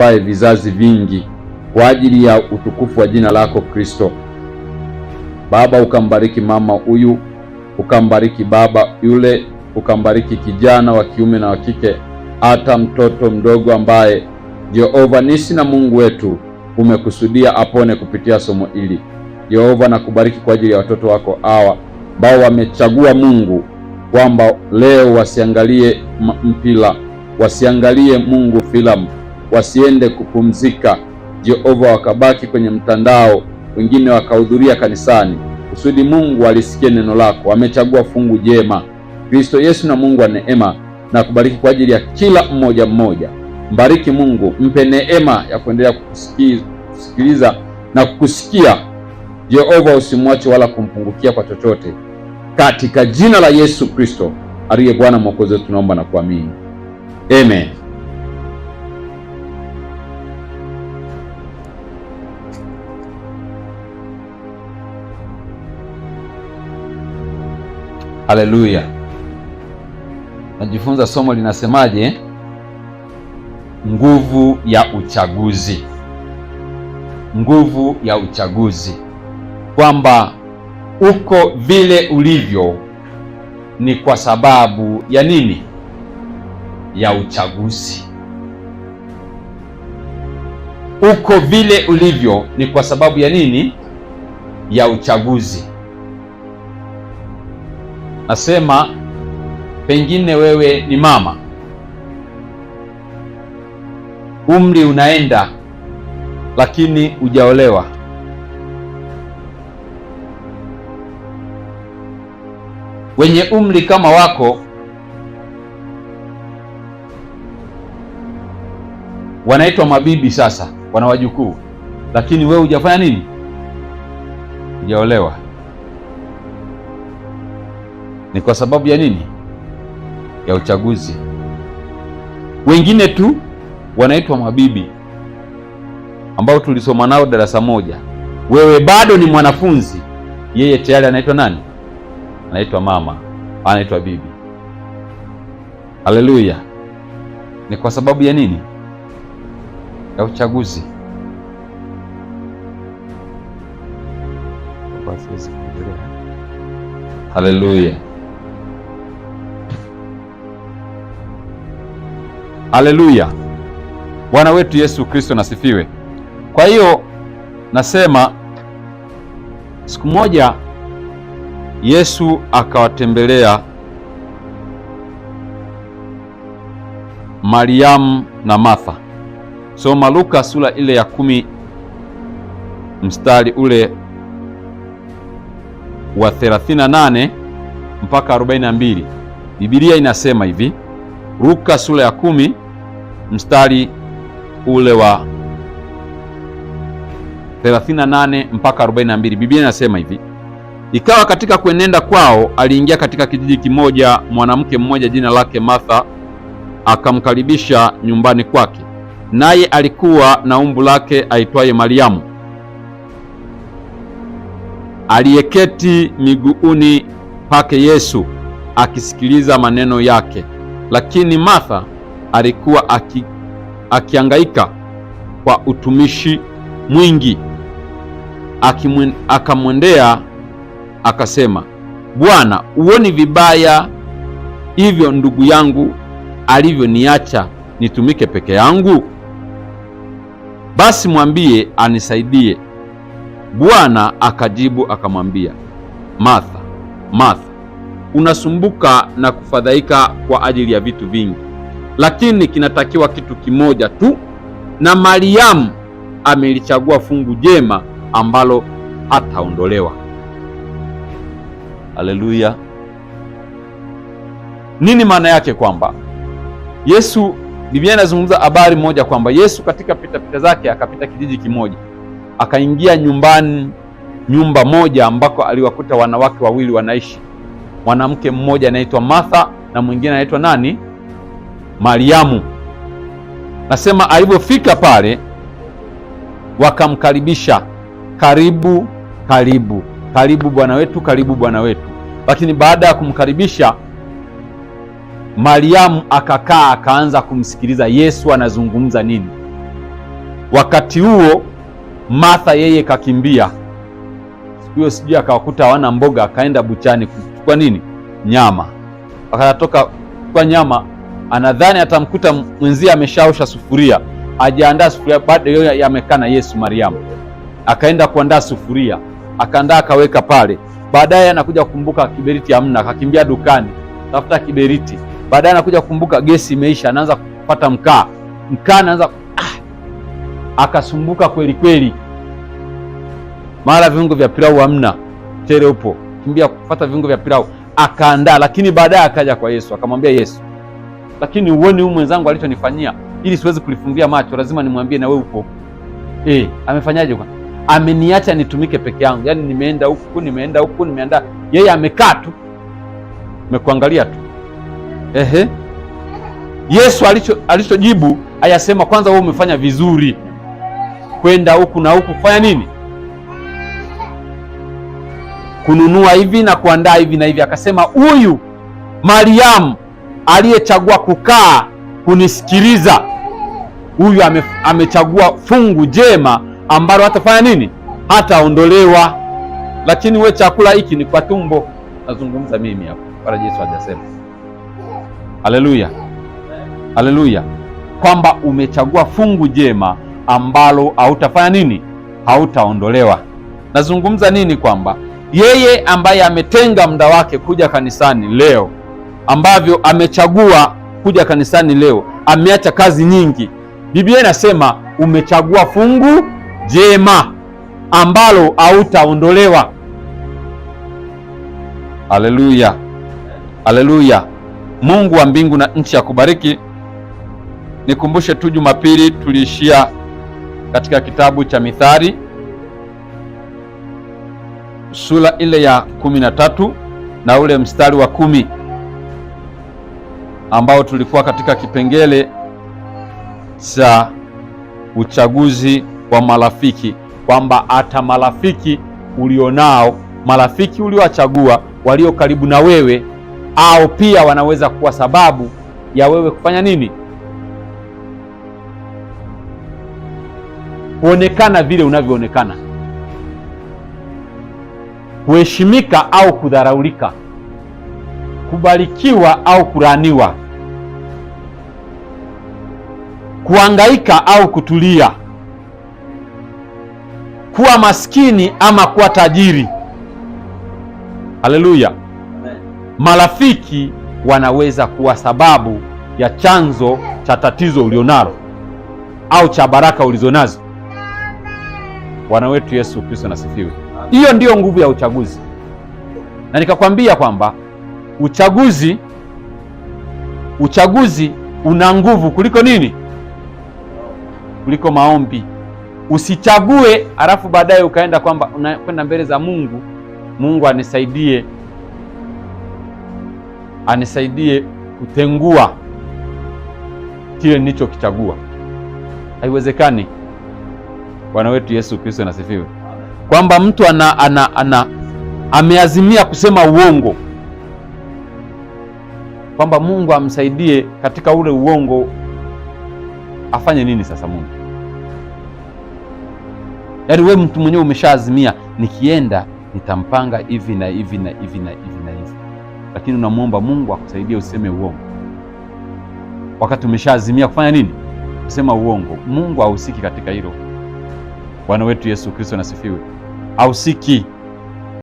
ae vizazi vingi kwa ajili ya utukufu wa jina lako Kristo. Baba, ukambariki mama huyu, ukambariki baba yule, ukambariki kijana wa kiume na wa kike, hata mtoto mdogo ambaye Jehova nisi na Mungu wetu umekusudia apone kupitia somo hili. Jehova, nakubariki kwa ajili ya watoto wako hawa ambao wamechagua Mungu kwamba leo wasiangalie mpira, wasiangalie Mungu filamu wasiende kupumzika, Jehova wakabaki kwenye mtandao, wengine wakahudhuria kanisani kusudi Mungu alisikie neno lako. Amechagua fungu jema. Kristo Yesu na Mungu wa neema na kubariki kwa ajili ya kila mmoja mmoja. Mbariki Mungu, mpe neema ya kuendelea kukusikiliza na kukusikia Jehova, usimwache wala kumpungukia kwa chochote, katika jina la Yesu Kristo aliye Bwana mwokozi wetu, tunaomba na kuamini, amen. Haleluya! Najifunza somo linasemaje? Nguvu ya uchaguzi, nguvu ya uchaguzi, kwamba uko vile ulivyo ni kwa sababu ya nini? Ya uchaguzi. Uko vile ulivyo ni kwa sababu ya nini? Ya uchaguzi nasema pengine wewe ni mama, umri unaenda, lakini hujaolewa. Wenye umri kama wako wanaitwa mabibi sasa, wana wajukuu, lakini wewe hujafanya nini? Hujaolewa ni kwa sababu ya nini? Ya uchaguzi. Wengine tu wanaitwa mabibi ambao tulisoma nao darasa moja. Wewe bado ni mwanafunzi, yeye tayari anaitwa nani? Anaitwa mama, anaitwa bibi. Haleluya! Ni kwa sababu ya nini? Ya uchaguzi. Haleluya! Haleluya! Bwana wetu Yesu Kristo nasifiwe. Kwa hiyo nasema siku moja Yesu akawatembelea Mariamu na Martha. Soma Luka sura ile ya kumi mstari ule wa 38 mpaka 42. Biblia inasema hivi, Luka sura ya kumi mstari ule wa 38 mpaka 42, Biblia inasema hivi: ikawa katika kuenenda kwao aliingia katika kijiji kimoja mwanamke mmoja jina lake Martha, akamkaribisha nyumbani kwake, naye alikuwa na umbu lake aitwaye Mariamu, aliyeketi miguuni pake Yesu akisikiliza maneno yake. Lakini Martha alikuwa aki, akiangaika kwa utumishi mwingi akamwendea akasema, Bwana, uoni vibaya hivyo ndugu yangu alivyoniacha nitumike peke yangu? Basi mwambie anisaidie. Bwana akajibu akamwambia, Martha, Martha, unasumbuka na kufadhaika kwa ajili ya vitu vingi lakini kinatakiwa kitu kimoja tu, na Mariamu amelichagua fungu jema ambalo hataondolewa. Haleluya! Nini maana yake? Kwamba Yesu, Biblia inazungumza habari moja kwamba Yesu katika pitapita zake akapita kijiji kimoja, akaingia nyumbani, nyumba moja ambako aliwakuta wanawake wawili wanaishi, mwanamke mmoja anaitwa Martha na mwingine anaitwa nani? Mariamu. Nasema alivyofika pale wakamkaribisha, karibu karibu karibu bwana wetu, karibu bwana wetu. Lakini baada ya kumkaribisha Mariamu akakaa akaanza kumsikiliza Yesu anazungumza nini. Wakati huo Martha yeye kakimbia, siku hiyo sijui akawakuta hawana mboga, akaenda buchani kuchukua nini, nyama, akatoka kwa nyama anadhani atamkuta mwenzie ameshaosha sufuria, ajaandaa sufuria, bado hiyo yamekaa na Yesu Mariamu. Akaenda kuandaa sufuria, akaandaa akaweka pale. Baadaye anakuja kukumbuka kiberiti hamna, akakimbia dukani tafuta kiberiti. Baadaye anakuja kukumbuka gesi imeisha, anaanza kupata mkaa, mkaa anaanza ah, akasumbuka kweli kweli, mara viungo vya pilau hamna, tere upo, kimbia kupata viungo vya pilau, akaandaa. Lakini baadaye akaja kwa Yesu akamwambia Yesu lakini uone huyu mwenzangu alichonifanyia, ili siwezi kulifumbia macho, lazima nimwambie na wewe upo. Eh, amefanyaje? Kwa ameniacha nitumike peke yangu, yaani nimeenda huku nimeenda huku nimeenda, yeye amekaa tu mekuangalia tu. Ehe, Yesu alicho alichojibu ayasema, kwanza wewe umefanya vizuri kwenda huku na huku kufanya nini, kununua hivi na kuandaa hivi na hivi. Akasema huyu Mariamu aliyechagua kukaa kunisikiliza, huyu ame, amechagua fungu jema ambalo hatafanya nini, hataondolewa. Lakini we chakula hiki ni kwa tumbo. Nazungumza mimi hapo, wala Yesu hajasema. Haleluya, haleluya, kwamba umechagua fungu jema ambalo hautafanya nini, hautaondolewa. Nazungumza nini? Kwamba yeye ambaye ametenga muda wake kuja kanisani leo ambavyo amechagua kuja kanisani leo, ameacha kazi nyingi. Biblia inasema umechagua fungu jema ambalo hautaondolewa. Haleluya, haleluya! Mungu wa mbingu na nchi akubariki. Nikumbushe tu, Jumapili tuliishia katika kitabu cha Mithali sura ile ya kumi na tatu na ule mstari wa kumi ambao tulikuwa katika kipengele cha uchaguzi wa marafiki, kwamba hata marafiki ulionao, marafiki uliowachagua walio karibu na wewe, au pia wanaweza kuwa sababu ya wewe kufanya nini, kuonekana vile unavyoonekana, kuheshimika au kudharaulika, kubarikiwa au kulaaniwa. kuangaika au kutulia, kuwa maskini ama kuwa tajiri. Haleluya! Marafiki wanaweza kuwa sababu ya chanzo cha tatizo ulionalo au cha baraka ulizonazo. Bwana wetu Yesu Kristo nasifiwe. Hiyo ndiyo nguvu ya uchaguzi, na nikakwambia kwamba uchaguzi uchaguzi una nguvu kuliko nini? kuliko maombi. Usichague halafu baadaye ukaenda kwamba unakwenda mbele za Mungu, Mungu anisaidie, anisaidie kutengua kile nilichokichagua. Haiwezekani. Bwana wetu Yesu Kristo nasifiwe, kwamba mtu ana, ana, ana ameazimia kusema uongo kwamba Mungu amsaidie katika ule uongo afanye nini sasa Mungu? Yaani wewe mtu mwenyewe umeshaazimia, nikienda nitampanga hivi na hivi na hivi na hivi na hivi, lakini unamwomba Mungu akusaidie useme uongo wakati umeshaazimia kufanya nini? Kusema uongo. Mungu ahusiki katika hilo. Bwana wetu Yesu Kristo nasifiwe, hahusiki.